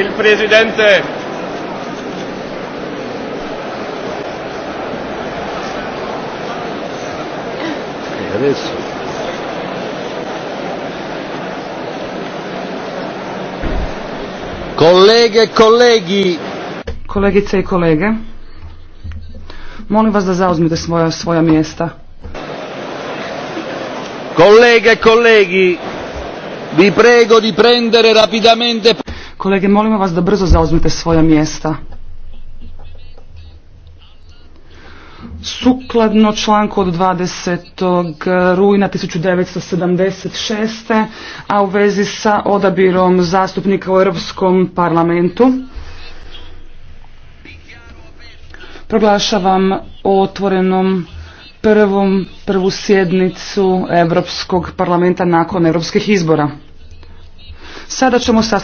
Il Presidente. E adesso. Kolege e kolegi. Kolegice i kolege. Molim vas da zauzmite svoja, svoja mjesta. Kolege e kolegi. Vi prego di prendere rapidamente Kolege, molimo vas da brzo zauzmete svoja mjesta. Sukladno članku od 20. rujna 1976. a u vezi sa odabirom zastupnika u Europskom parlamentu proglašavam otvorenom prvom, prvu sjednicu Europskog parlamenta nakon europskih izbora. Sada ćemo